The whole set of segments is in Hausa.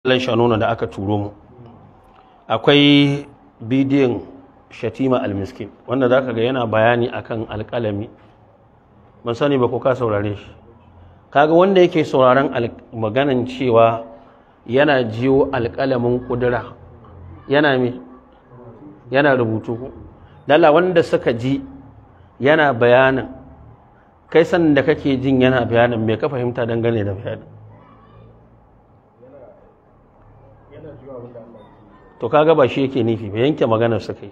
lan shanuna da aka turo mu akwai bidiyon shatima almiskin wanda za ka ga yana bayani akan alkalami, ban sani ba ko ka saurare shi kaga wanda yake sauraron maganan cewa yana jiwo alkalamin ƙudura yana mi yana rubutu lalla wanda suka ji yana bayanin kai san da kake jin yana bayanin me ka fahimta dangane da bayanin to kaga ba shi yake nufi ba yanke maganar sa kai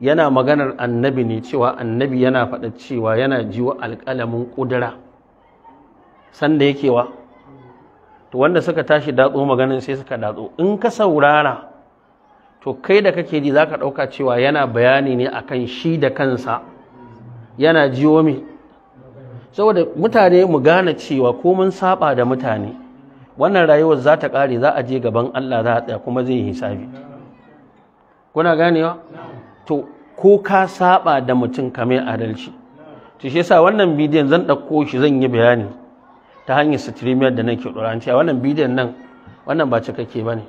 yana maganar annabi ne cewa annabi yana faɗa cewa yana jiwa alƙalamin ƙudura sanda yake wa to wanda suka tashi datso maganar sai suka datso in ka saurara to kai da kake ji zaka ɗauka cewa yana bayani ne akan shi da kansa yana jiwo me saboda mutane mu gane cewa ko mun saba da mutane wannan rayuwar za ta ƙare za a je gaban Allah za a tsaya kuma zai hisabi kuna ganewa to ko ka saba da mutum kamar adalci to shi yasa wannan bidiyon zan ɗauko shi zan yi bayani ta hanyar streamer da nake ɗoranci a wannan bidiyon nan wannan ba cikakke ba ne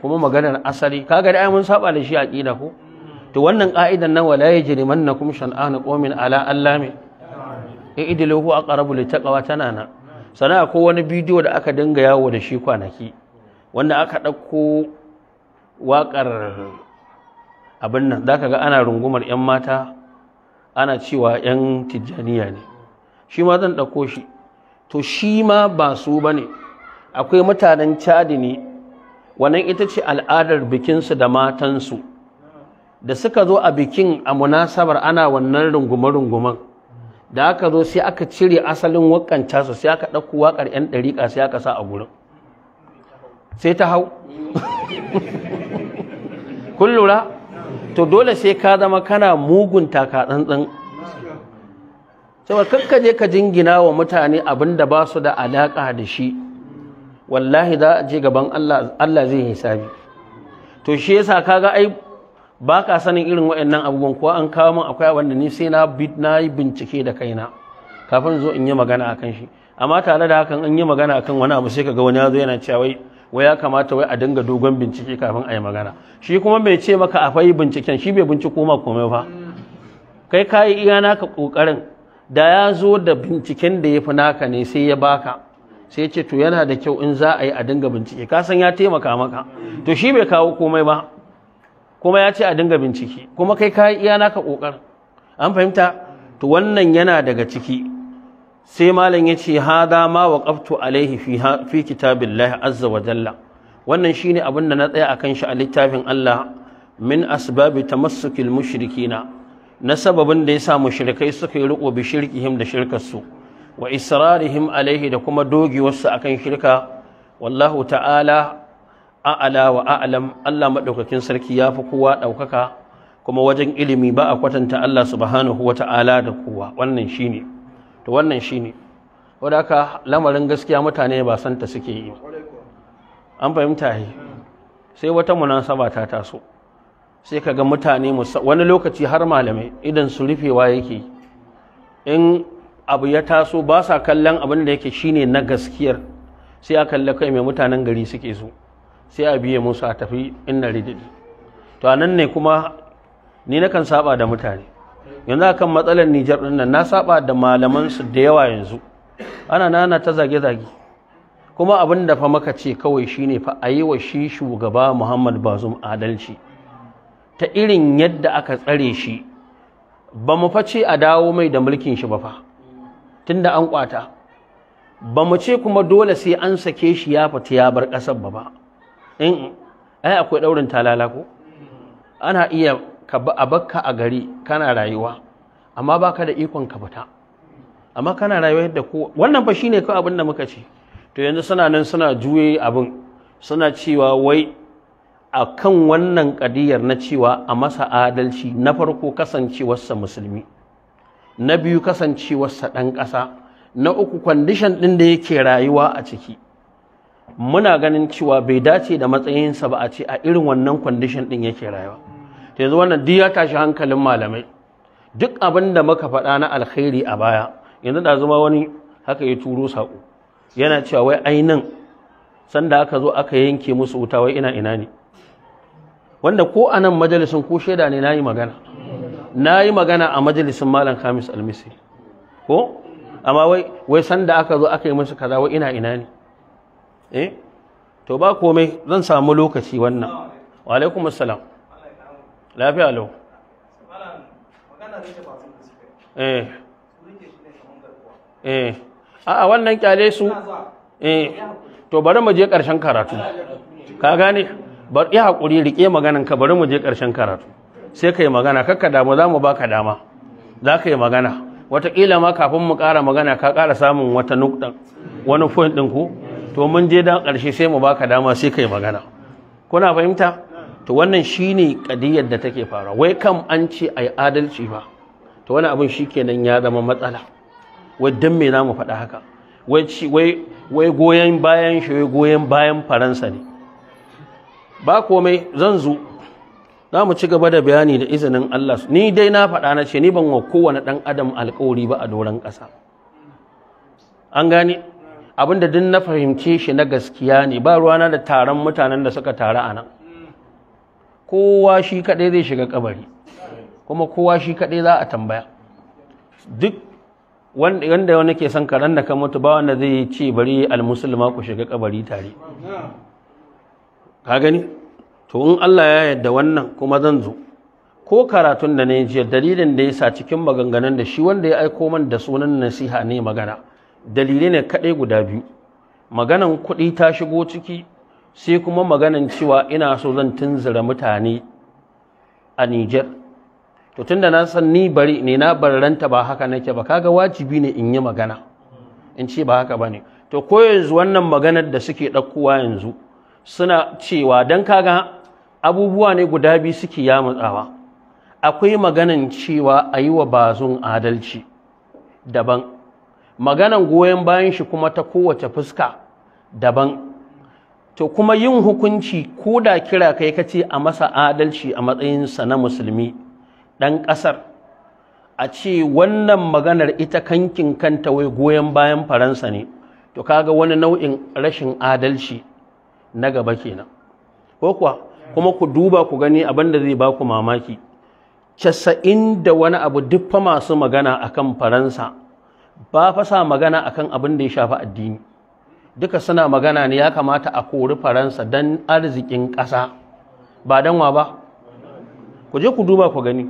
kuma maganar asali kaga da mun saba da shi a aqida ko to wannan ƙa'idan nan wala yajrimannakum shan'anu qawmin ala allami idiluhu aqrabu littaqwa tana nan. sana ko wani bidiyo da aka dinga yawo da shi kwanaki wanda aka ɗauko waƙar abin nan za ka ga ana rungumar 'yan mata ana cewa 'yan tijjaniya ne shi ma zan ɗauko shi to shi ma ba su ba ne akwai mutanen cadi ne wannan ita ce al'adar bikinsu da matansu da suka zo a bikin a munasabar ana wannan rungume-rungumen da aka zo sai aka cire asalin wakanta su sai aka ɗauko wakar 'yan ɗariƙa sai aka sa a gurin sai ta hau kun lura to dole sai ka zama kana mugun taka tsantsan saboda kakka je ka jingina wa mutane abin da ba su da alaƙa da shi wallahi za a je gaban Allah zai hisabi to shi yasa kaga ai ba ka sanin irin waɗannan abubuwan kuwa an kawo min akwai wanda ni sai na yi bincike da kaina kafin zo in yi magana akan shi amma tare da hakan an yi magana akan wani abu sai kaga wani ya zo yana cewa wai wai ya kamata wai a dinga dogon bincike kafin a yi magana shi kuma bai ce maka akwai binciken shi bai binciko ma komai ba? kai ka yi iya naka kokarin da ya zo da binciken da ya fi naka ne sai ya baka sai ce to yana da kyau in za a yi a dinga bincike ka san ya taimaka maka to shi bai kawo komai ba kuma ya ce a dinga bincike kuma kai ka iya naka koƙar. an fahimta to wannan yana daga ciki sai malam ya ce hada ma waqaftu alaihi fi fi kitabillahi azza wa jalla wannan shine abin da na tsaya akan shi a littafin Allah min asbabi tamassukil mushrikina na sababin da yasa mushrikai suka yi riko bi shirkihim da shirkarsu wa israrihim alaihi da kuma dogewarsu akan shirka wallahu ta'ala a'ala wa a'lam Allah madaukakin sarki yafi kowa daukaka kuma wajen ilimi ba a kwatanta Allah subhanahu wata'ala da kowa wannan shine to wannan shine wadaka lamarin gaskiya mutane ba san ta suke yi an fahimta yi sai wata munasaba ta taso sai ka ga mutane wani lokaci har malamai idan su rufewa yake in abu ya taso ba sa kallon abin da yake shine na gaskiyar sai a kalli kai mai mutanen gari suke so sai a biye musu a tafi inna rididi to a nan ne kuma ni kan saba da mutane yanzu akan matsalar Nijar din nan na saba da malaman su da yawa yanzu ana nana ta zage zage kuma abin da fa maka ce kawai shine fa a yi wa shi shugaba Muhammad Bazum adalci ta irin yadda aka tsare shi ba mu face a dawo mai da mulkin shi ba fa tunda an kwata ba mu ce kuma dole sai an sake shi ya fita ya bar ƙasar ba ba ai akwai daurin talala ko ana iya ka a bakka a gari kana rayuwa amma baka da ikon ka fita amma kana rayuwa yadda ko wannan fa shine kawai abin da muka ce to yanzu suna nan suna juye abin suna cewa wai a kan wannan kadiyar na cewa a masa adalci na farko kasancewarsa musulmi na biyu kasancewarsa ɗan ƙasa na uku kwandishan ɗin da yake rayuwa a ciki muna ganin cewa bai dace da matsayinsa ba a ce a irin wannan kwandishin ɗin yake rayuwa ta yanzu wannan duk ya tashi hankalin malamai duk abin da muka faɗa na alkhairi a baya yanzu da zuma wani haka ya turo saƙo yana cewa wai ainin sanda aka zo aka yanke musu wuta wai ina ina ne wanda ko a nan majalisin ko shaida ne na yi magana na yi magana a majalisin malam al almisi ko amma wai sanda aka zo aka yi musu kaza wai ina ina ne eh to ba komai zan samu lokaci wannan wa alaikum assalam lafiya lo eh eh a'a wannan kyale su eh. to bari mu je ƙarshen karatu ka gane bar yi hakuri rike maganan ka bari mu je ƙarshen karatu sai ka yi magana kakka damu za mu baka dama za ka yi magana wataƙila ma kafin mu ƙara magana ka ƙara samun wata nukta wani point ɗin ku to mun je da ƙarshe sai mu baka dama sai kai magana kuna fahimta to wannan shine kadiyar da take fara wai kam an ce ai adalci ba to wani abin shikenan ya zama matsala wai dan me zamu faɗa haka wai wai goyen bayan shi wai goyen bayan faransa ne ba komai zan zo za mu ci gaba da bayani da izinin Allah ni dai na faɗa na ce ni ban wa kowane ɗan adam alƙawari ba a doron ƙasa an gani abinda duk na fahimce shi na gaskiya ne ba ruwana da taron mutanen da suka taru a nan kowa shi kaɗai zai shiga kabari kuma kowa shi kaɗai za a tambaya duk wanda wani ke son karen da ka mutu ba wanda zai ce bari almusulma ku shiga kabari tare ka gani to in Allah ya yarda wannan kuma zan zo ko karatun da na yi dalilin da ya sa cikin maganganun da shi wanda ya aiko man da sunan nasiha ne magana dalilai ne kaɗai guda biyu maganan kuɗi ta shigo ciki sai kuma maganan cewa ina so zan tunzura mutane a Nijar to tunda na san ni bari ne na barranta ba haka nake ba kaga wajibi ne in yi magana in ce ba haka ba ne. to ko yanzu wannan maganar da suke ɗaukowa yanzu suna cewa don kaga abubuwa ne guda biyu suke yamutsawa akwai maganan cewa a yi wa bazun adalci daban maganan goyon bayan shi kuma ta kowace fuska daban to kuma yin hukunci ko da kira kai kace a masa adalci a matsayinsa na musulmi ɗan ƙasar a ce wannan maganar ita kankin kanta wai goyon bayan faransa ne to kaga wani nau'in rashin adalci na gaba kenan ko kuwa kuma ku duba ku gani abin da zai baku mamaki casa'in da wani abu duffa masu magana akan faransa ba fasa magana akan abin da ya shafi addini duka suna magana ne ya kamata a kori faransa don arzikin ƙasa ba don ba ku je ku duba ku gani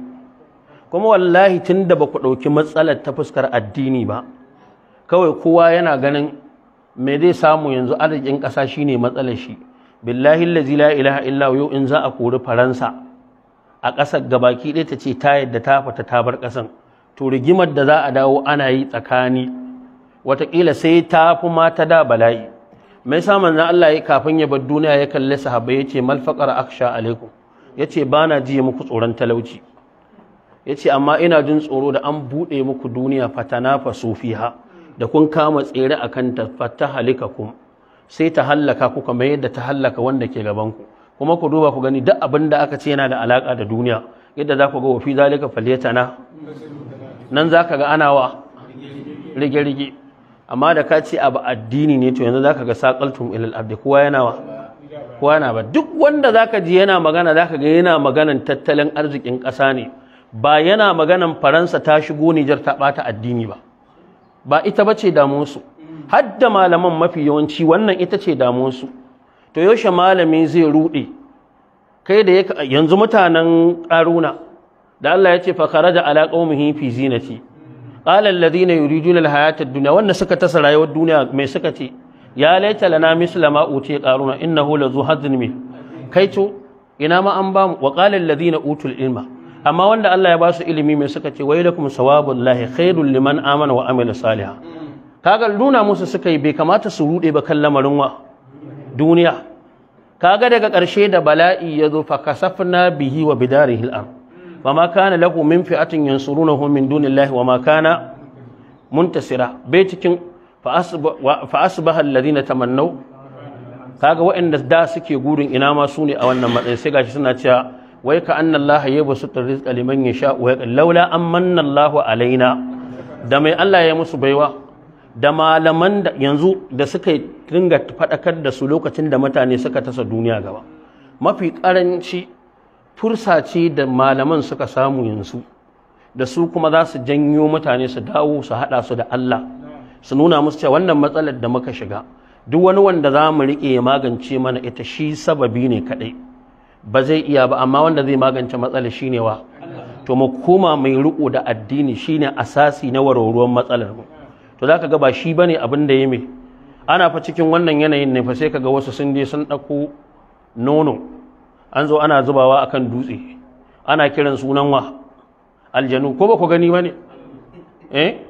kuma wallahi tun da ba ku ɗauki matsalar ta fuskar addini ba kawai kowa yana ganin me zai samu yanzu arzikin ƙasa shine matsalar shi billahi lazi la ilaha illa yau in za a kori faransa a ƙasar gabaki ɗaya ta ce ta yadda ta fata ta bar ƙasan to rigimar da za a dawo ana yi tsakani watakila sai ta fi mata da bala'i mai samun na Allah ya kafin ya bar duniya ya kalli sahabbai ya ce malfaƙar aksha alaikum ya ce ba na ji muku tsoron talauci ya ce amma ina jin tsoro da an buɗe muku duniya fatana fiha da kun kama tsere a kan tafata halika kun sai ta hallaka ku kamar yadda ta hallaka wanda ke gabanku kuma ku duba ku gani duk abin da aka ce yana da alaƙa da duniya yadda za ku ga wafi zalika na. nan za ka ga ana wa rige-rige amma da ka ce abu addini ne to yanzu za ka ga saƙaltun ilil abdi kowa yana wa kowa yana ba duk wanda za ka ji yana magana za ka ga yana maganan tattalin arzikin ƙasa ne ba yana maganan faransa ta shigo nijar ta ɓata addini ba ba ita ba ce damunsu. har malaman mafi yawanci wannan ita ce damunsu. to yaushe malami zai ruɗe kai da yanzu mutanen ƙaruna da Allah ya ce fa kharaja ala qaumihi fi zinati qala alladhina yuriduna alhayata ad-dunya wanda suka tasa rayuwar duniya mai suka ce ya laita lana misla ma uti qaruna innahu la zuhadun kai to ina ma an ba mu wa qala alladhina utul ilma amma wanda Allah ya ba su ilimi mai suka ce wailakum sawabullahi khairul liman amana wa amila salihan kaga nuna musu suka yi bai kamata su rude ba kan lamarin wa duniya kaga daga ƙarshe da bala'i ya zo fa kasafna bihi wa bidarihi ard ba lahumin kana lahu min fi'atin yansurunahu min dunillahi wa kana muntasira bai cikin fa asbaha alladhina tamannaw kaga waɗanda da suke gurin ina ma su ne a wannan matsayin sai gashi suna cewa wai ka anna Allah ya basu rizqa liman yasha wa laula an manna alaina da mai Allah ya musu baiwa da malaman da yanzu da suka ringa fadakar da su lokacin da mutane suka tasa duniya gaba mafi karanci fursa ce da malaman suka samu yanzu da su kuma za su janyo mutane su dawo su haɗa su da Allah su nuna musu cewa wannan matsalar da muka shiga duk wani wanda za mu riƙe ya magance mana ita shi sababi ne kaɗai ba zai iya ba amma wanda zai magance matsalar shine wa to mu koma mai riƙo da addini shine asasi na warwaruwan matsalar mu to zaka ga ba shi bane abin da ya mai? ana fa cikin wannan yanayin ne fa sai kaga wasu sun je sun ɗauko nono an zo ana zubawa a kan dutse ana kiran sunan wa aljanu ko ba ku gani ba ne eh?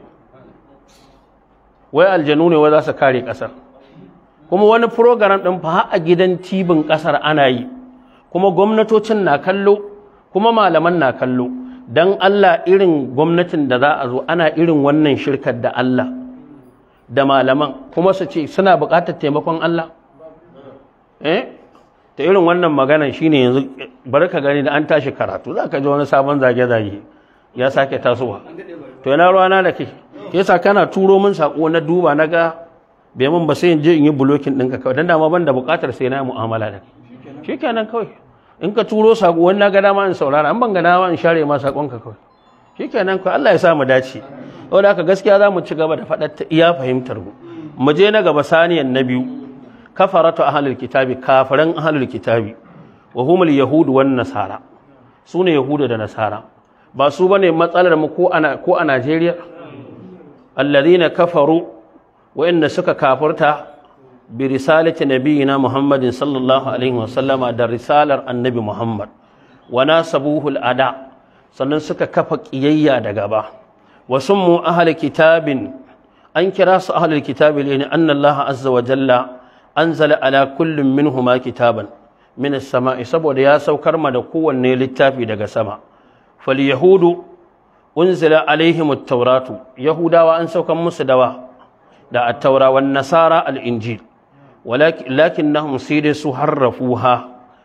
wai aljanu ne wai za su kare ƙasar kuma wani program ɗin fa a gidan tibin ƙasar ana yi kuma gwamnatocin na kallo kuma malaman na kallo don Allah irin gwamnatin da za a zo ana irin wannan shirkar da Allah da malaman kuma su ce suna buƙatar taimakon Allah eh ta irin wannan maganan shine yanzu bari ka gani da an tashi karatu za ka ji wani sabon zage-zage ya sake tasowa to yana ruwana da Ke yasa kana turo min sako na duba na ga bai ba sai in je in yi blocking ɗinka kawai don dama ban da buƙatar sai na yi mu'amala da kai shikenan kawai in ka turo sako wani na ga dama in saurara an ban ga dama in share ma sakonka kawai shikenan kawai Allah ya sa mu dace saboda haka gaskiya za mu ci gaba da faɗar ta iya fahimtar mu mu je na gaba saniyan na biyu kafaratu ahlul kitabi kafiran ahlul kitabi wa humul yahud wan nasara sune yahuda da nasara ba su bane matsalar mu ko ana ko a Najeriya alladhina kafaru wa inna suka kafarta, bi risalati nabiyina muhammadin sallallahu alaihi wa sallama da risalar annabi muhammad wa nasabuhu al'ada sannan suka kafa kiyayya da gaba wa summu ahlul kitabin an kira su ahlul kitabi ne anna allah azza wa jalla anzala ala kullum minhuma kitaban min as-sama'i saboda ya saukar ma da kowanne littafi daga sama fal yahudu unzila alaihim at-tauratu yahudawa an saukar musu dawa da at tawra wan nasara al-injil walakin lakinnahum sidi su harrafuha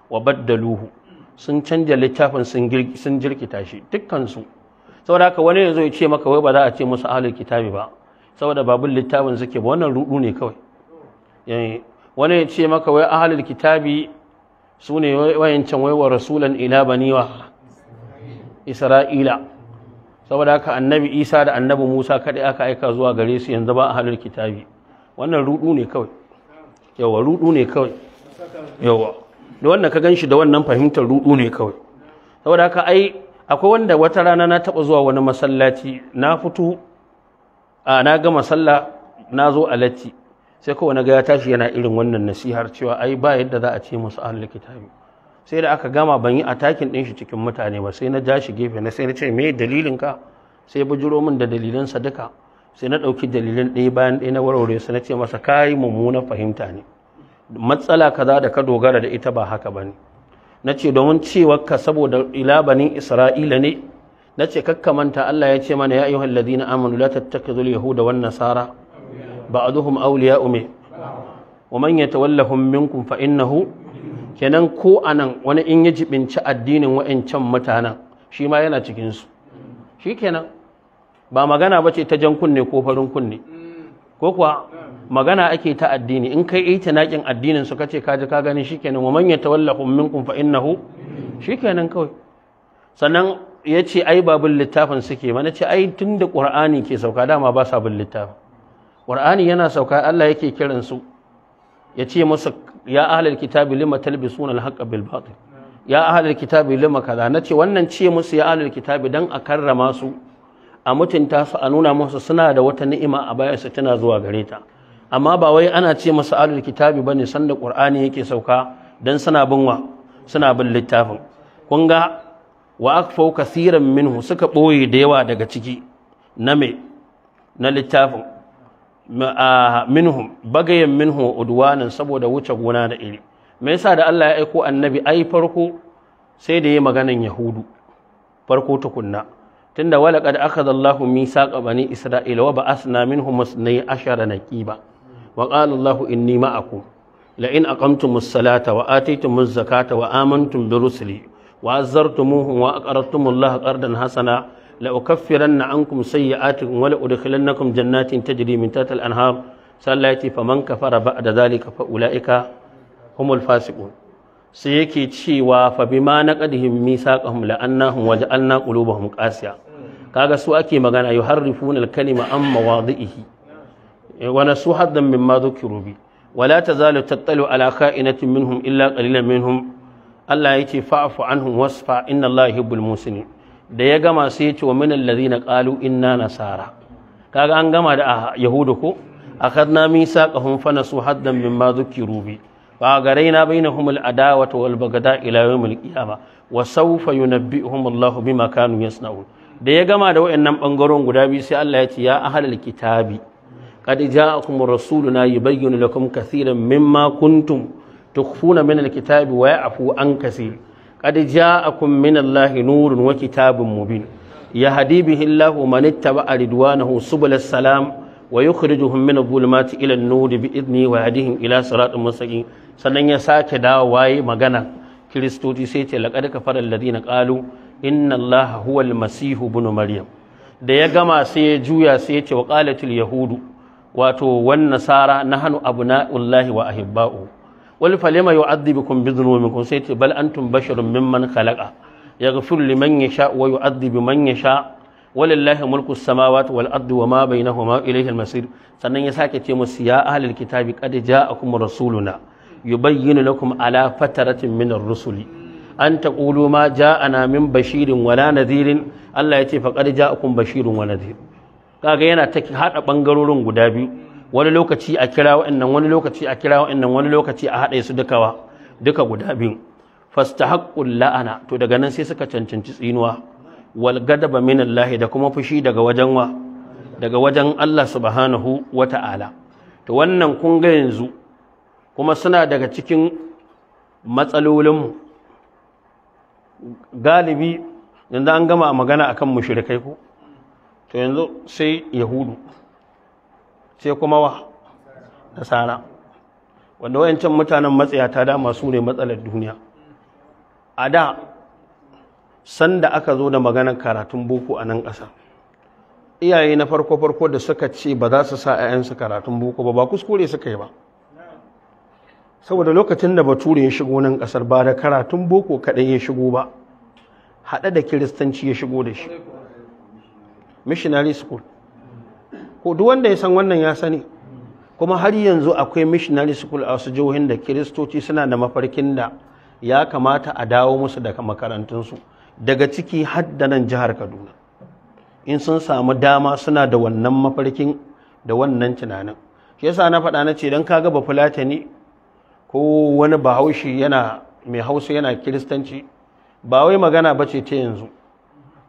wa baddaluhu sun canja littafin sun jirkita shi dukkan su saboda haka wani yazo ya ce maka wai ba za a ce musu ahlul kitabi ba saboda babul littafin suke ba wannan rudu ne kawai eh, wani ya ce maka wai ahalil kitabi su ne wayancan waiwa rasulan ila baniwa isra'ila saboda haka annabi isa da annabi musa kaɗai aka aika zuwa gare su yanzu ba ahalil kitabi wannan rudu ne kawai yawa rudu ne kawai yawa da wannan ka ganshi da wannan fahimtar rudu ne kawai saboda haka ai akwai wanda wata rana na taɓa zuwa wani masallaci na fito a na ga masalla na zo a latti sai kowane ga ya tashi yana irin wannan nasihar cewa ai ba yadda za a ce musu ahlul kitabi sai da aka gama ban yi takin din shi cikin mutane ba sai na ja shi gefe na sai na ce me dalilin ka sai bujiro min da dalilan sa duka sai na ɗauki dalilin ɗaya bayan ɗaya na warware su na ce masa kai mummunan fahimta ne matsala kaza da ka dogara da ita ba haka bane na ce domin cewarka saboda ila banin isra'ila ne na ce manta Allah ya ce mana ya ayyuhal ladina amanu la al yahuda wan nasara ba'aduhum awliya'u me wa man yatawallahum minkum kenan ko anan wani in ya jibinci addinin wa'ancan mutanen shi ma yana cikinsu? su kenan ba magana bace ta jan kunne ko farin kunne ko kuwa magana ake ta addini in kai ita naƙin addinin su kace kaji ka gani shikenan wa man yatawallahum minkum fa shi kenan kawai sannan ya ce ai babin littafin suke mana ce ai tunda ƙur'ani ke sauka dama ba sa bin littafin ƙur'ani yana sauka Allah yake kiransu su ya ce musu ya ahlal kitabi lima talbisuna suna bil batil ya ahlal kitabi lima kaza nace wannan ce musu ya ahlal kitabi dan a karrama su a mutunta su a nuna musu suna da wata ni'ima a bayan su tana zuwa gare ta amma ba wai ana ce musu ahlal kitabi ba ne sanda ƙur'ani yake sauka dan suna bin suna bin littafin kun ga wa akfau kaseeran minhu suka ɓoye da yawa daga ciki na me na littafin minhum bagayen minhum udwanan saboda wuce gona da iri me yasa da Allah ya aiko annabi ai farko sai da yayi maganan yahudu farko tukunna tunda walaqad akhadha Allahu mithaqa bani isra'ila wa ba'athna minhum masnai ashara naqiba wa qala Allahu inni ma'akum la in aqamtumus salata wa atitumuz zakata wa amantum bi rusuli wa azartumuhum wa aqartumullaha qardan hasana لأكفرن عنكم سيئاتكم ولأدخلنكم جنات تجري من تحت الأنهار سالتي فمن كفر بعد ذلك فأولئك هم الفاسقون سيكي تشيوا فبما نقدهم ميثاقهم لأنهم وجعلنا قلوبهم قاسية kaga su ake magana yuharrifuna al-kalima an mawadhihi wa nasu haddan mimma dhukiru bi wala tazalu tattalu ala kha'inatin minhum illa qalilan minhum Allah yake fa'fu anhum wasfa inna Allah yuhibbul musinin da ya gama sai ya ce wa minal ladina qalu inna nasara kaga an gama da yahudu ko akhadna misaqahum fa nasu haddan mimma dhukiru bi fa garaina bainahum al adawata wal bagada ila yawm al qiyama wa sawfa yunabbi'uhum Allah bima kanu yasna'un da ya gama da wayannan bangaron guda biyu sai Allah ya ce ya ahlal kitabi qad ja'akum rasuluna yubayyinu lakum katiran mimma kuntum tukhfuna min al kitabi wa ya'fu an kaseer qad ja'akum minallahi nurun wa ya mubin yahdi bihi Allahu man ittaba'a ridwanahu subulas salam wa yukhrijuhum min adh-dhulumati ila an-nur bi idni wa yahdihim ila siratin mustaqim sannan ya sake dawo waye magana kiristoci sai ce laqad kafara alladhina qalu inna allaha huwa al-masih maryam da ya gama sai ya juya sai ya ce wa yahudu wato wan nasara nahnu abna'ullahi wa ahibba'u wal falima yu'adhibukum bi dhunubikum sai ce bal antum basharun mimman khalaqa man liman yasha wa yu'adhibu man sha walillahi mulku samawati wal ardi wa ma bainahuma ilayhi al masir sannan ya sake ce musu ya ahlul kitabi qad ja'akum rasuluna yubayyinu lakum ala fataratin min ar-rusuli an taqulu ma ja'ana min bashirin wala nadhirin Allah ya ce faqad ja'akum bashirun wa nadhir kaga yana ta hada bangarorin guda biyu wani lokaci a kira wa'annan wani lokaci a kira wa'annan wani lokaci a haɗe su dukawa duka guda biyu haƙƙun la'ana to daga nan sai suka cancanci tsinuwa wal gadaba min Allah da kuma fushi daga wajen wa daga wajen Allah subhanahu wata'ala to wannan kun ga yanzu kuma suna daga cikin matsalolin galibi yanzu an gama magana akan mushrikai ko to yanzu sai yahudu sai kuma wa nasara wanda wayancan mutanen matsayata da masu ne matsalar duniya a da sanda aka zo da maganar karatun boko a nan ƙasa iyaye na farko-farko da suka ce ba za su sa 'ya'yansu karatun boko ba ba kuskure suka yi ba saboda lokacin da bature ya shigo nan ƙasar ba da karatun boko kaɗai ya shigo ba haɗe da kiristanci ya shigo da shi missionary school ko wanda ya san wannan ya sani kuma har yanzu akwai missionary school a wasu jihohin da kiristoci suna da mafarkin da ya kamata a dawo musu daga makarantunsu daga ciki haddanan jihar kaduna in sun samu dama suna da wannan mafarkin da wannan tunanin shi yasa na faɗa na ce don kaga ba fulatani ko wani bahaushe yana mai hausa yana kiristanci ba wai magana ba ce ta yanzu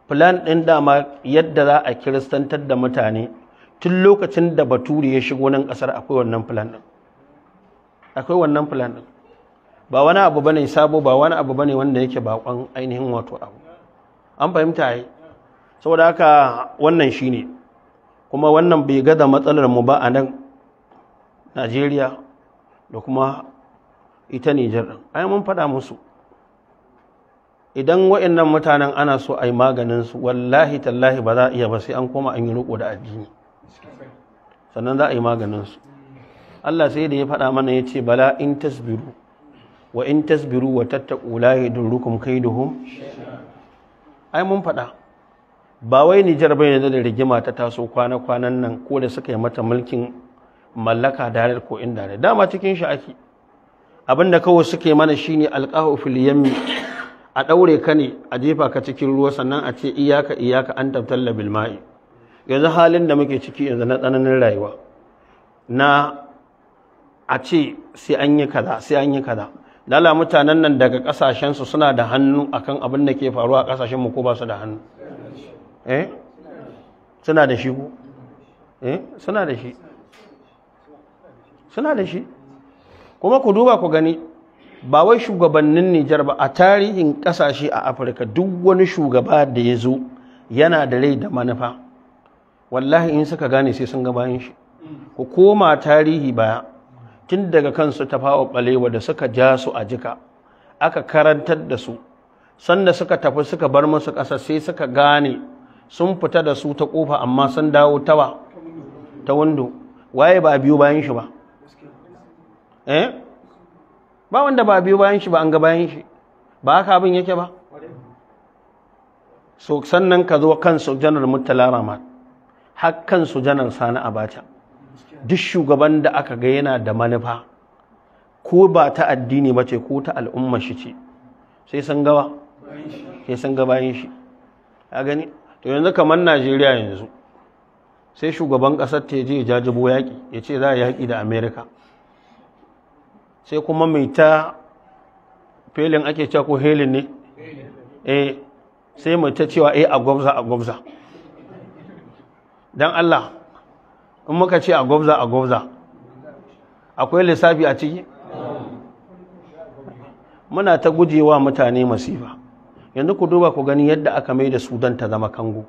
plan ɗin dama yadda za a kiristantar da mutane tun lokacin da bature ya shigo nan kasar akwai wannan plan akwai wannan plan ba wani abu bane sabo ba wani abu bane wanda yake bakon ainihin wato abu an fahimta ai saboda haka wannan shine kuma wannan bai ga matsalar mu ba a nan Najeriya da kuma ita Nijar din ai mun faɗa musu idan nan mutanen ana so a yi maganin su, wallahi tallahi ba za a iya ba sai an koma an yi roƙo da addini sannan za a yi su. Allah sai da ya faɗa mana ya ce bala in tasbiru wa in tasbiru wa tattaku kai da hun? ai mun faɗa ba wai Nijar bai ne da rigima ta taso kwana kwanan nan ko da suka yi mata mulkin mallaka dare ko inda da dama cikin shi ake abinda kawai suke mana shine ne fil a ɗaure ka ne a jefa ka cikin ruwa sannan a ce iyaka iyaka an tabtalla bil ma'i yanzu halin da muke ciki yanzu na tsananin rayuwa na a ce sai an yi kaza sai an yi kaza lala mutanen nan daga kasashensu suna da hannu akan abin da ke faruwa a kasashen mu ko ba su da hannu eh suna da shi ko eh suna da shi suna da shi kuma ku duba ku gani ba wai shugabannin Nijar ba a tarihin kasashe a Afirka duk wani shugaba da ya zo yana da rai da manufa wallahi in suka gane sai sun ga bayan shi ku koma tarihi baya tun daga kansu fawo balewa da suka ja su a jika aka karantar da su sanda suka tafi suka bar musu ƙasa sai suka gane sun fita da su ta ƙofa amma sun dawo tawa ta wando waye ba a biyo bayan shi ba eh ba wanda ba a biyo bayan shi ba an ga bayan shi ba haka abin yake ba so sannan ka zo kansu janar mutala ramat hakkan su janar sani abacha duk shugaban da aka ga yana da manufa ko ba ta addini ba ko ta al'ummar shi ce sai sun gaba sai san gaba yin shi a gani to yanzu kamar najeriya yanzu sai shugaban ƙasar ta je jajibo yaƙi ya ce za a yaƙi da amerika sai kuma mai ta felin ake cewa ko helin ne eh, sai mai ta cewa eh, a gwabza a gwabza don Allah in muka ce a gwabza a gwabza akwai lissafi a ciki muna ta gujewa mutane masifa yanzu ku duba ku gani yadda aka mai da sudan ta zama kango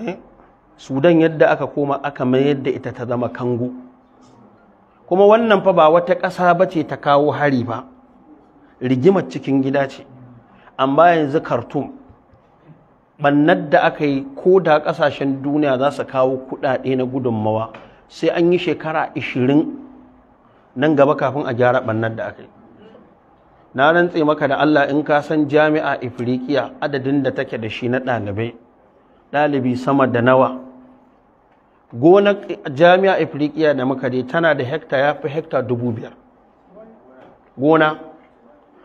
eh? sudan yadda aka koma aka mai yadda ita ta zama kango kuma wannan fa ba wata ƙasa ba ce ta kawo hari ba rigimar cikin gida ce amma yanzu zikartum bannar da aka yi ko da kasashen duniya za su kawo kuɗaɗe na gudunmawa sai an yi shekara 20 nan gaba kafin a gyara bannar da aka yi na rantse maka da Allah in ka san jami'a Ifriqiya adadin da take da shi na ɗalibai ɗalibi sama da nawa gonar jami'a Ifriqiya da muka je tana da hekta ya fi hekta dubu biyar gona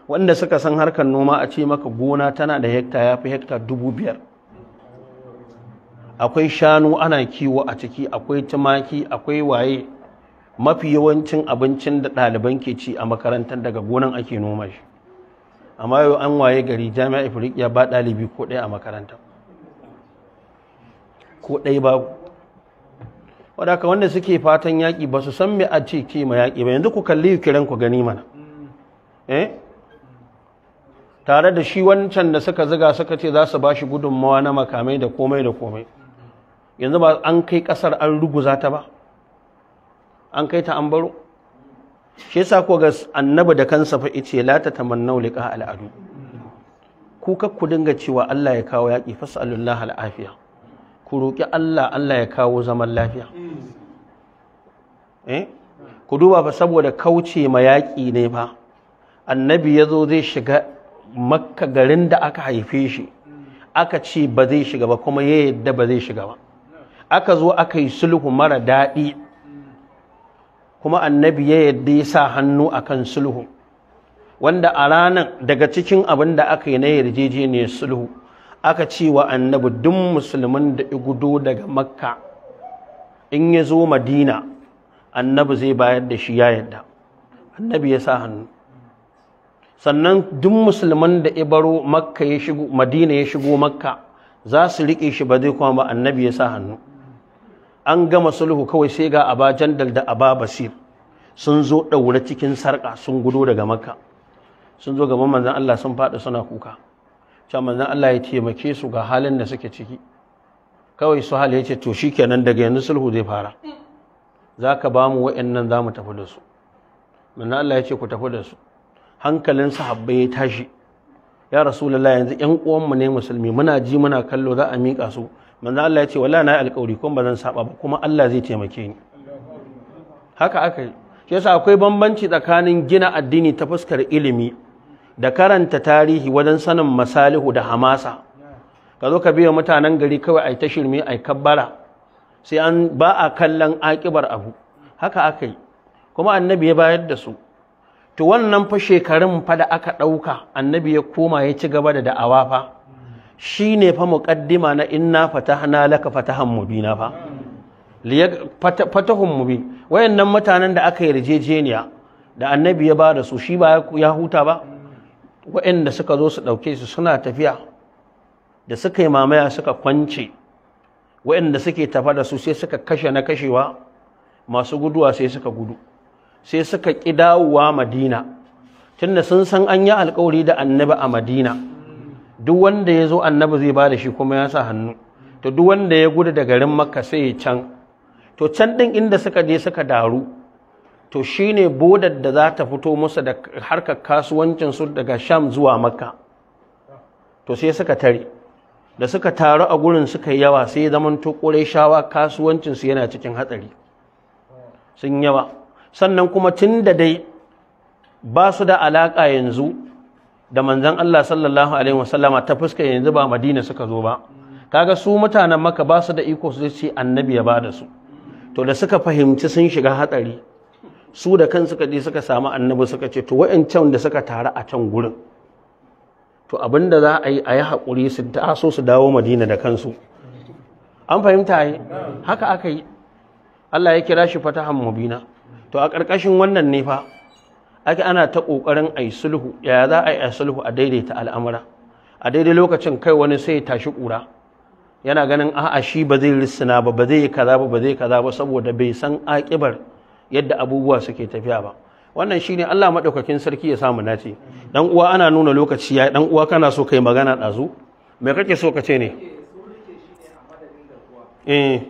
wanda suka san harkar noma a ce maka gona tana da hekta ya fi hekta dubu biyar akwai shanu ana kiwo a ciki akwai tumaki akwai waye mafi yawancin abincin da ɗaliban ke ci a makarantar daga gonan ake noma shi amma yau an waye gari jami'a afirka ba ɗalibi ko ɗaya a makarantar ko ɗaya ba wadaka wanda suke fatan yaƙi ba su san me a ce ke ma yaƙi ba yanzu ku kalli kiran ku gani mana eh tare da shi wancan da suka ziga suka ce za su ba shi gudunmawa na makamai da komai da komai yanzu ba an kai kasar an ruguza ta ba an kai ta an baro shi yasa ko ga annabi da kansa fa yace la ta tamannau liqa al'adu ku ku dinga cewa Allah ya kawo yaki fasalullah al'afiya ku roki Allah Allah ya kawo zaman lafiya eh? ku duba fa saboda kauce ma yaƙi ne ba, annabi zo zai shiga makka garin da aka haife shi aka ce ba zai shiga ba kuma ya yadda ba zai shiga ba aka zo aka yi sulhu mara daɗi kuma annabi ya yadda ya sa hannu a kan sulhu wanda a ranar daga cikin abin da aka yi na yarjejeniyar sulhu aka ce wa annabi duk musulmin da ya gudu daga makka in ya zo madina annabi zai bayar da shi ya yadda annabi ya sa hannu sannan duk musulman da ibaro makka ya shigo madina ya shigo makka za su riƙe shi ba zai kuma ba annabi ya sa hannu an gama sulhu kawai sai ga aba jandal da aba basir sun zo ɗaure cikin sarƙa sun gudo daga makka sun zo gaban manzan Allah sun faɗi suna kuka cewa manzan Allah ya taimake su ga halin da suke ciki kawai su hali ya ce to shikenan daga yanzu sulhu zai fara za ka ba mu wa'in nan za mu tafi da su manzan Allah ya ce ku tafi da su hankalin sahabbai ya tashi ya rasulullah yanzu yan uwanmu ne musulmi muna ji muna kallo za a miƙa su manzo Allah ya ce wala na alƙawari kuma bazan saba ba kuma Allah zai taimake ni haka aka yi shi yasa akwai bambanci tsakanin gina addini ta fuskar ilimi da karanta tarihi wajen sanin masalihu da hamasa ka zo ka biya mutanen gari kawai ai ta shirme ai kabbara sai an ba a kallon akibar abu haka aka yi kuma annabi ya bayar da su to wannan fa shekarun fa da aka ɗauka annabi ya koma ya ci gaba da da'awa fa shi ne fa muƙaddima na inna fatahna laka fatahan mubina fa fatahun mubin wayannan mutanen da aka yarjejeniya da annabi ya ba da su shi ba ya huta ba wayanda suka zo su ɗauke su suna tafiya da suka yi mamaya suka kwance wayanda suke tafa da su sai suka kashe na kashewa masu guduwa sai suka gudu sai suka ƙi dawowa madina tunda sun san an yi alkawari da annabi a madina duk wanda ya zo annabi zai ba da shi kuma ya sa hannu to duk wanda ya gudu da garin makka sai ya can to can ɗin inda suka je suka daru to ne bodar da za ta fito musu da harkar kasuwancinsu daga sham zuwa makka to sai suka tare da suka taru a gurin suka yi yawa sai zaman to shawa kasuwancinsu yana cikin hatsari sun yawa sannan kuma tun da dai ba su da alaƙa yanzu da manzan Allah sallallahu alaihi wasallama ta fuska yanzu ba madina suka zo ba kaga su mutanen maka ba su da iko su ce annabi ya ba da su to da suka fahimci sun shiga hatsari su da kan suka je suka samu annabi suka ce to wa'ancan da suka taru a can gurin to abinda za a yi a yi haƙuri su taso su dawo madina da kansu an fahimta yi haka aka yi Allah ya kira shi fatahan mubina to a ƙarƙashin wannan ne fa ake ana ta ƙoƙarin a yi sulhu Yaya za a yi a sulhu a daidaita al'amura a daidai lokacin kai wani sai tashi ƙura yana ganin a'a shi ba zai rissina ba ba zai yi kaza ba ba zai kaza ba saboda bai san aƙibar yadda abubuwa suke tafiya ba wannan shi ne Allah maɗaukakin sarki ya samu nace Ɗan uwa ana nuna lokaci ya dan uwa kana so kai magana ɗazu mai kake so ka ce ne eh.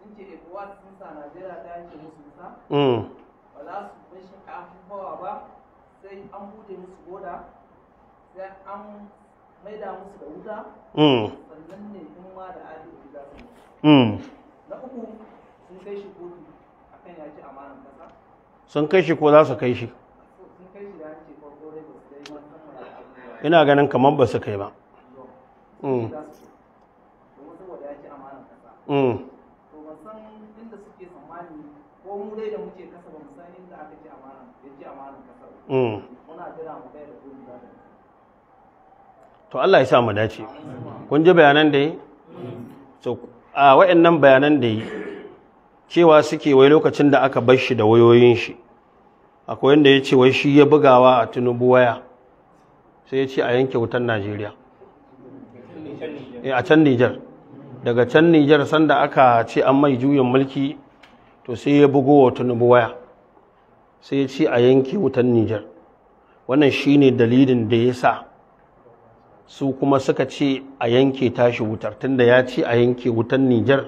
sun ce ecowas sun sa najeriya ta yanke musu nisa mm. ba su ba sai an bude musu an maida musu da wuta mm. sannan ne da da mm. uku sun kai shi ko za su kai shi ina ganin kamar ba su kai ba mu dai da muke kasa ba mu san inda aka amana ya amana kasa mm. muna jira mu kai da gudu da to Allah ya sa mu dace kun ji bayanan da yi so a wayannan bayanan da yi cewa suke wai lokacin da aka bar shi da wayoyin shi akwai wanda ya ce wai shi ya bugawa a tunubu waya sai ya ce a yanke wutan Najeriya eh, a can Nijar daga can Nijar sanda aka ce an mai juyin mulki to sai ya bugo wa tunubu waya sai ya ci a yanki wutan nijar wannan shine dalilin da ya sa su kuma suka ce a yanke tashi wutar tunda ya ci a yanke wutan nijar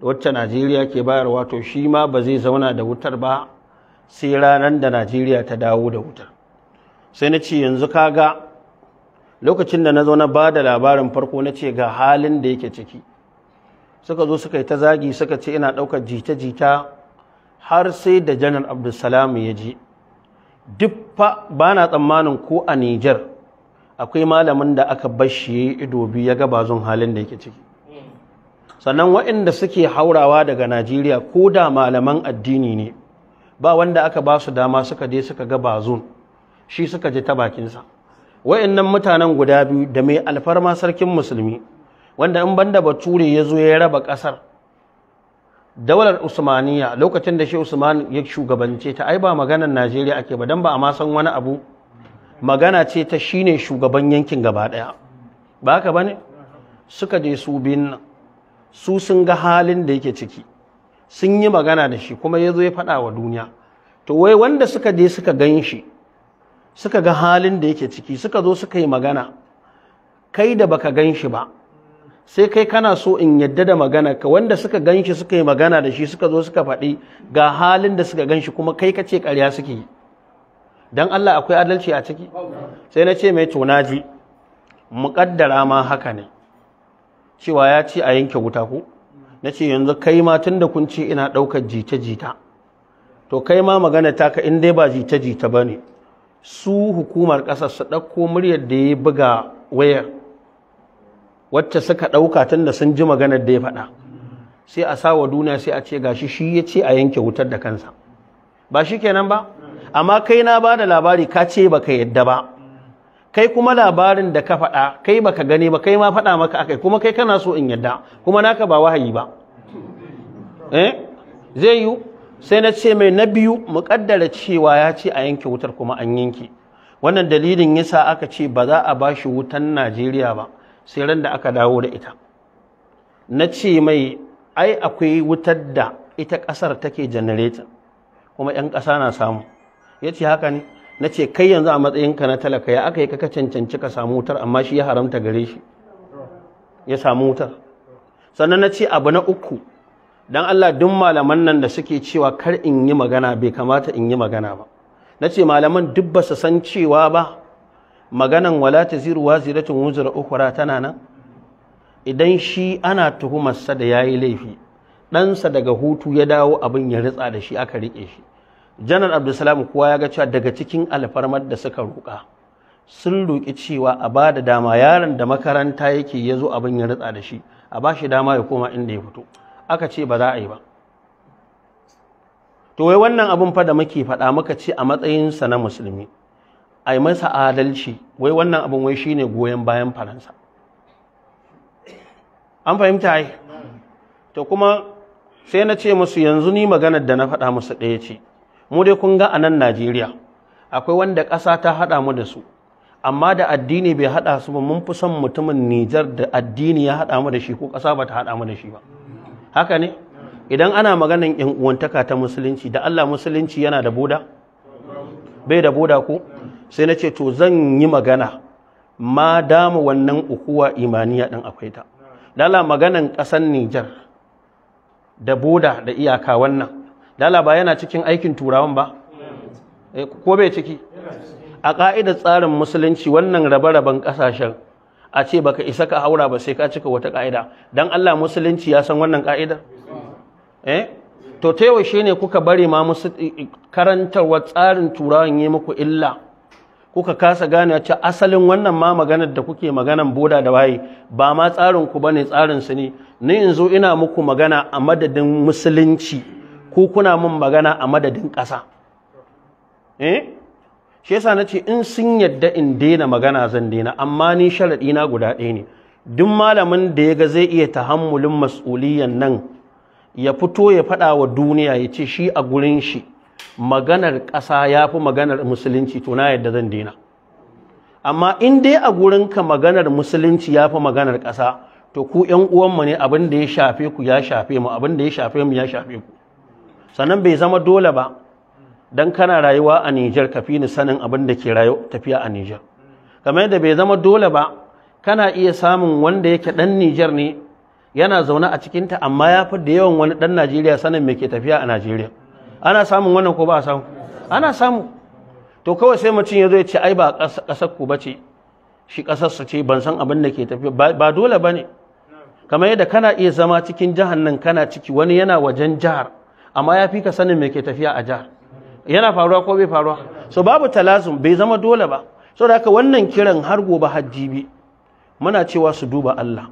da wacce najeriya ke bayarwa to shi ma ba zai zauna da wutar ba sai ranar da najeriya ta dawo da wutar sai na ce yanzu kaga lokacin da na zo na ba da labarin farko na ce ga halin da yake ciki suka zo suka yi ta zagi suka ce ina ɗaukar jita-jita har sai da janar abdulsalam ya ji duk ba na tsammanin ko a nijar akwai malamin da aka bashi ya yi ido biyu ya gaba zun halin da yake ciki sannan waɗanda suke haurawa daga najeriya ko da malaman addini ne ba wanda aka ba su dama suka je suka ga Bazon, shi suka ji ta bakinsa waɗannan mutanen guda biyu da mai alfarma sarkin musulmi wanda in banda bature ya zo ya raba ƙasar daular usmaniya lokacin da shi usman ya shugabance ta ai ba maganar najeriya ake ba don ba a ma wani abu magana ce ta shine shugaban yankin gaba ɗaya ba haka ba ne suka je su bin su sun ga halin da yake ciki sun yi magana da shi kuma ya zo ya faɗa wa duniya to wai wanda suka je suka gan shi suka ga halin da yake ciki suka zo suka yi magana kai da baka gan shi ba sai kai kana so in yadda da magana ka wanda suka ganshi suka yi magana da shi suka zo suka faɗi ga halin da suka ganshi kuma kai ka ce karya suke yi Don Allah akwai adalci a ciki sai na ce mai ji. muƙaddara ma haka ne cewa ya ce a yanke wuta ko na ce yanzu kai ma tun da kun ce ina ɗaukar jita-jita to kai ma magana taka in dai ba jita-jita ba ne su hukumar ƙasa su ɗauko muryar da ya buga wayar wacce suka ɗauka tun da sun ji maganar da ya faɗa sai a sawa duniya sai a ce gashi shi ya ce a yanke wutar da kansa ba shi kenan ba amma kai na ba da labari ka ce ba ka yadda ba kai kuma labarin da ka faɗa kai ba ka gani ba kai ma faɗa maka akai kuma kai kana so in yadda kuma naka ba wahayi ba eh? zai yi sai na ce mai na biyu mu cewa ya ce a yanke wutar kuma an yanke wannan dalilin yasa aka ce ba za a bashi wutan Najeriya ba sai ran da aka dawo da ita na ce mai ai akwai wutar da ita ƙasar take janareta kuma 'yan ƙasa na samu ya ce haka ne na ce kai yanzu a matsayinka na talaka ya aka yi kaka cancanci ka samu wutar amma shi ya haramta gare shi ya samu wutar sannan na ce abu na uku don Allah duk malaman nan da suke cewa kar in yi magana bai kamata in yi magana ba na ce malaman duk ba su san cewa ba maganan wala taziru waziratun wuzura ukura tana nan idan shi ana tuhumarsa da ya yi laifi ɗansa daga hutu ya dawo abin ya ritsa da shi aka riƙe shi janar abdulsalam kuwa ya ga cewa daga cikin alfarmar da suka roƙa sun roƙi cewa a ba da dama yaron da makaranta yake ya zo abin ya ritsa da shi a ba shi dama ya koma inda ya fito aka ce ba za a yi ba to wai wannan abin fa da muke faɗa muka ce a matsayinsa na musulmi a yi masa adalci wai wannan abin wai shine goyon bayan faransa an fahimta yi. Ta kuma sai na ce musu yanzu ni maganar da na faɗa musu ɗaya ce mu dai kun ga a nan najeriya akwai wanda ƙasa ta haɗa mu da su amma da addini bai haɗa su ba mun fi son mutumin nijar da addini ya haɗa mu da shi ko ƙasa ba ta haɗa mu da shi ba haka ne idan ana maganin yan uwantaka ta musulunci da Allah musulunci yana da boda bai da boda ko sai na ce to zan yi magana ma dama wannan ukuwa imaniya ɗin akwai ta lala maganan ƙasan Nijar da boda da iyaka wannan lala ba yana cikin aikin turawan ba eh, ko bai ciki a ƙa'idar tsarin musulunci wannan rabe-raben ƙasashen a ce baka isa ka haura ba sai ka cika wata ƙa'ida don Allah musulunci ya san wannan ƙa'ida eh? to ta yaushe ne kuka bari ma eh, karantarwa tsarin turawan yi muku illa kuka kasa gane ce asalin wannan ma maganar da kuke maganan boda da waye ba ma tsarin ku bane tsarin su ne ni yanzu ina muku magana a madadin musulunci ko kuna mun magana a madadin ƙasa eh shi yasa nace in sun yadda in daina magana zan daina amma ni sharadi na guda ɗaya ne duk malamin da ya ga zai iya tahammulin mas'uliyan nan ya fito ya faɗa wa duniya ya ce shi a gurin shi maganar ƙasa ya fi maganar musulunci to yadda zan dina amma in dai a gurinka maganar musulunci ya fi maganar ƙasa to ku ‘yan uwanmu ne abin da ya shafe ku ya shafe mu abin da ya shafe mu ya shafe ku sannan bai zama dole ba don kana rayuwa a Nijar ka fi ni sanin abin da ke tafiya a Nijar kamar yadda bai zama dole ba kana iya samun wanda yake ɗan Nijar ne yana zaune a cikinta amma ya fi da yawan wani ɗan Najeriya sanin me ke tafiya a Najeriya ana samun wannan ko ba a samu ana samu to kawai sai mutum ya zo ya ce ai ba ƙasar ku bace shi su ce ban san abin da ke tafi ba dole ba ne kamar yadda kana iya zama cikin jihar nan kana ciki wani yana wajen jihar amma ya fi ka sanin me ke tafiya a jihar yana faruwa ko bai faruwa so babu talazum bai zama dole ba so da haka wannan kiran har gobe hajji bi muna cewa su duba Allah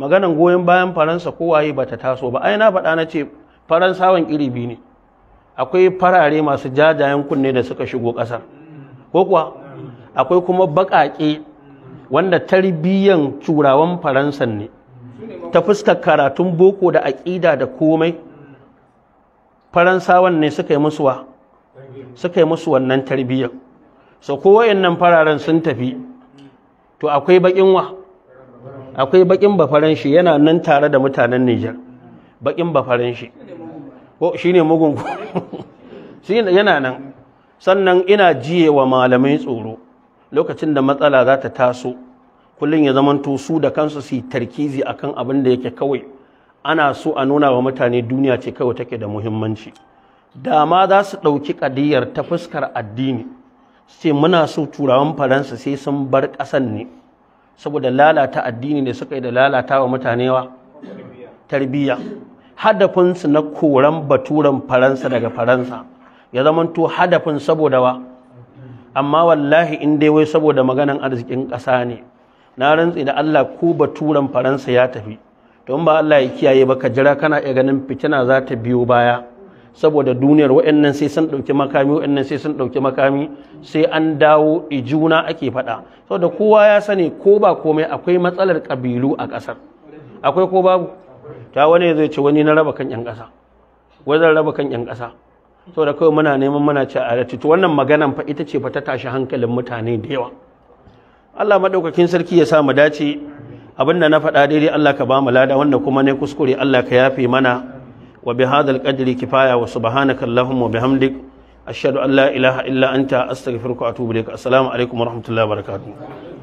maganan goyon bayan faransa kowaye bata taso ba ai na faɗa na ce faransawan iri biyu ne akwai farare masu jajayen kunne da suka shigo ƙasar ko kuwa akwai kuma baƙaƙe wanda tarbiyyan turawan faransan ne ta fuskar karatun boko da aƙida da komai faransawan ne suka yi musuwa suka yi musu wannan tarbiyyar so ko nan fararen sun tafi to akwai baƙin wa akwai baƙin bafaran shi yana nan tare da mutanen Nijar baƙin bafaran shi ko shine mugun shine yana nan sannan ina jiye wa malamai tsoro lokacin da matsala za ta taso kullum ya zamanto su da kansu su tarkizi akan abin da yake kawai ana so a nuna wa mutane duniya ce kawai take da muhimmanci dama za su ɗauki ƙadiyar ta fuskar addini sai muna so turawan faransa sai sun bar ƙasan ne saboda lalata addini ne suka yi da lalata wa mutane wa tarbiyya hadafinsu na koran baturan faransa daga faransa ya zamanto hadafin saboda wa amma wallahi in dai wai saboda maganan arzikin ƙasa ne na rantsi da Allah ko baturan faransa ya tafi to in ba Allah ya kiyaye ba ka jira kana iya ganin fitina za ta biyo baya saboda duniyar wa'annan sai sun ɗauki makami wa'annan sai sun ɗauki makami sai an dawo ijuna ake faɗa saboda kowa ya sani ko ba komai akwai matsalar ƙabilu a ƙasar akwai ko babu ta wani zai ce wani na raba kan yan ƙasa wajen raba kan yan ƙasa so da kawai muna neman muna ci a to wannan maganan fa ita ce fa ta tashi hankalin mutane da yawa Allah madaukakin sarki ya sa mu dace abin da na faɗa daidai Allah ka ba mu lada wanda kuma ne kuskure Allah ka yafe mana wa bi hadal qadri kifaya wa subhanaka allahumma wa bihamdik ashhadu an la ilaha illa anta astaghfiruka wa atubu ilaik assalamu alaikum wa rahmatullahi wa barakatuh